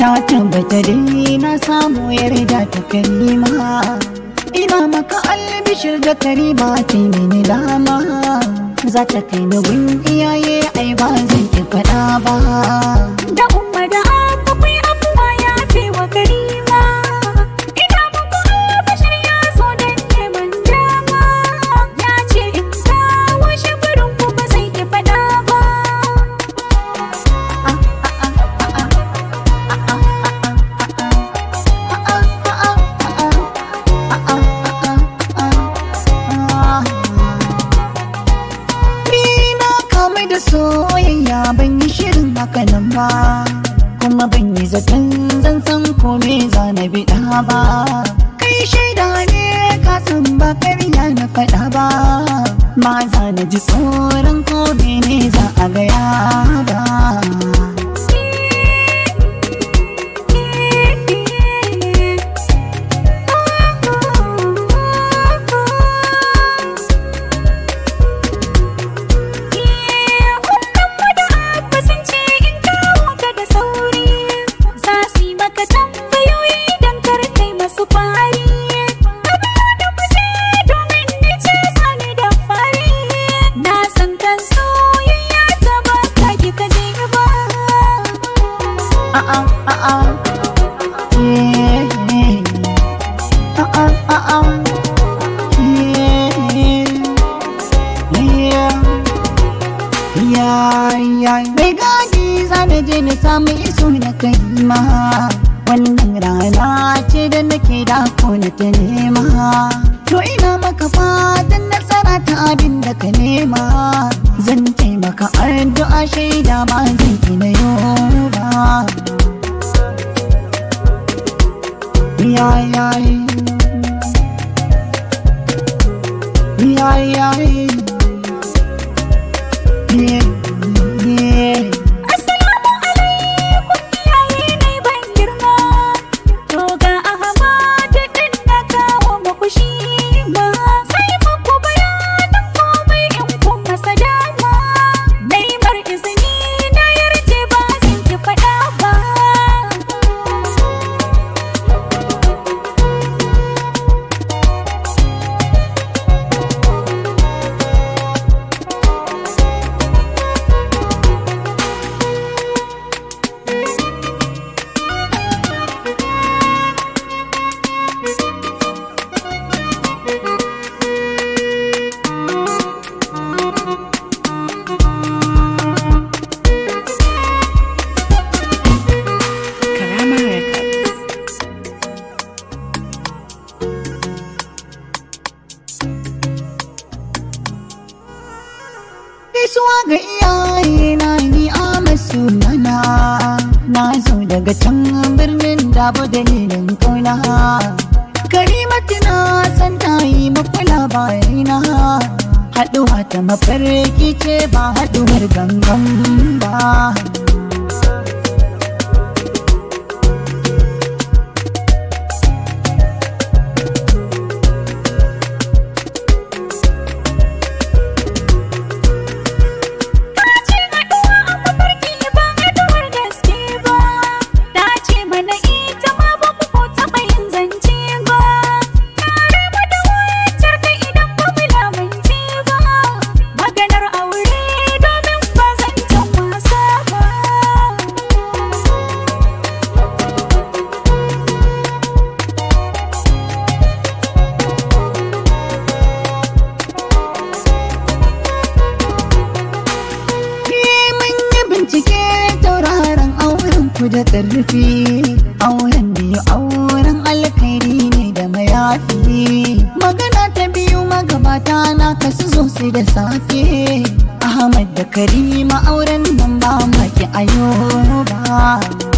ta tabbata dai na samu yarda ta kalima ina maka albishir da Karima ba ta mini dama za kai na gun iyaye ai ba zan ki faɗa ba soyayya ban yi shirin hakanan ba kuma ban yi zaton zan san kome za na biɗa ba kai shaida ne ka san ba ƙarya na faɗa ba ma zana ji tsoron kome ne za a gaya ba Mai gadi zane je na samu iso na kai wannan rana ce da nake da na ta nema to ina maka fatan nasara ta abin da ka nema zan taimaka addu'a shaida ba zan ki na aqui, hein? ga iyaye na ni a sunana na zo daga can birnin dabo dalilin kauna karimatu na san ta yi makwala bayana haɗuwa ta mafarki ce ba haɗuwar gangan ba ku da auren biyu auren alkhairi ne da mayafi magana ta biyu magabata na kasu zo da safe ahmad da karima auren nan ba maki ayo ba